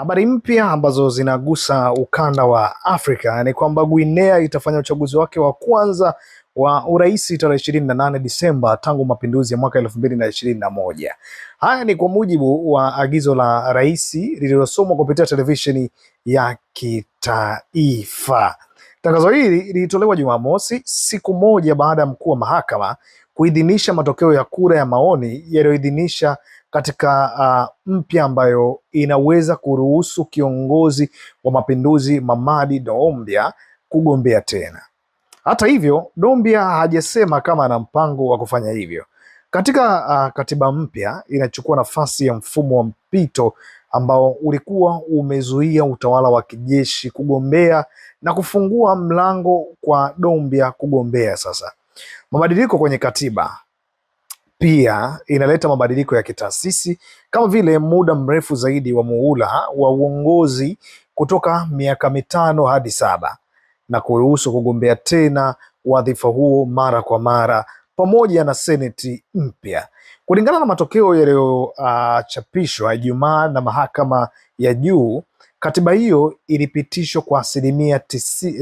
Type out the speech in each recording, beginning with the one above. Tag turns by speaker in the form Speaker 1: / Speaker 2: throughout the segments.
Speaker 1: Habari mpya ambazo zinagusa ukanda wa Afrika ni kwamba Guinea itafanya uchaguzi wake wa kwanza wa urais tarehe ishirini na nane Disemba tangu mapinduzi ya mwaka elfu mbili na ishirini na moja. Haya ni kwa mujibu wa agizo la rais lililosomwa kupitia televisheni ya kitaifa. Tangazo hili lilitolewa Jumamosi, siku moja baada ya mkuu wa mahakama kuidhinisha matokeo ya kura ya maoni yaliyoidhinisha katika uh, mpya ambayo inaweza kuruhusu kiongozi wa mapinduzi Mamadi Doumbia kugombea tena. Hata hivyo, Doumbia hajasema kama ana mpango wa kufanya hivyo. Katika uh, katiba mpya inachukua nafasi ya mfumo wa mpito ambao ulikuwa umezuia utawala wa kijeshi kugombea na kufungua mlango kwa Doumbia kugombea. Sasa mabadiliko kwenye katiba pia inaleta mabadiliko ya kitaasisi kama vile muda mrefu zaidi wa muhula wa uongozi kutoka miaka mitano hadi saba na kuruhusu kugombea tena wadhifa huo mara kwa mara pamoja na seneti mpya. Kulingana na matokeo yaliyochapishwa uh, Ijumaa na mahakama ya juu, katiba hiyo ilipitishwa kwa asilimia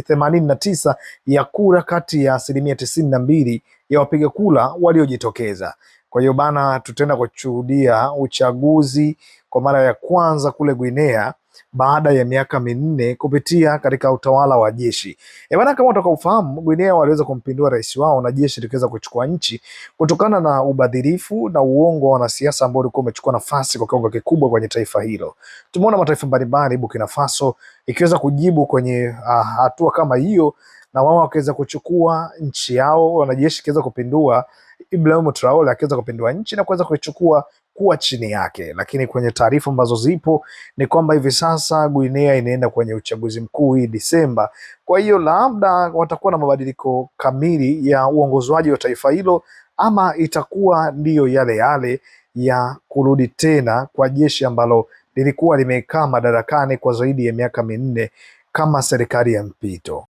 Speaker 1: themanini na tisa ya kura kati ya asilimia tisini na mbili ya wapiga kura waliojitokeza. Kwa hiyo bana, tutaenda kushuhudia uchaguzi kwa mara ya kwanza kule Guinea baada ya miaka minne kupitia katika utawala wa jeshi. E bana, kama ufahamu, Guinea waliweza kumpindua rais wao na jeshi likaweza kuchukua nchi kutokana na ubadhirifu na uongo wa wanasiasa ambao ulikuwa umechukua nafasi kwa kiwango kikubwa kwenye taifa hilo. Tumeona mataifa mbalimbali, Burkina Faso ikiweza kujibu kwenye uh, hatua kama hiyo na wao wakiweza kuchukua nchi yao, wanajeshi kiweza kupindua Ibrahim Traore akiweza kupindua nchi na kuweza kuichukua kuwa chini yake, lakini kwenye taarifa ambazo zipo ni kwamba hivi sasa Guinea inaenda kwenye uchaguzi mkuu hii Disemba. Kwa hiyo labda watakuwa na mabadiliko kamili ya uongozwaji wa taifa hilo, ama itakuwa ndiyo yale yale ya kurudi tena kwa jeshi ambalo lilikuwa limekaa madarakani kwa zaidi ya miaka minne kama serikali ya mpito.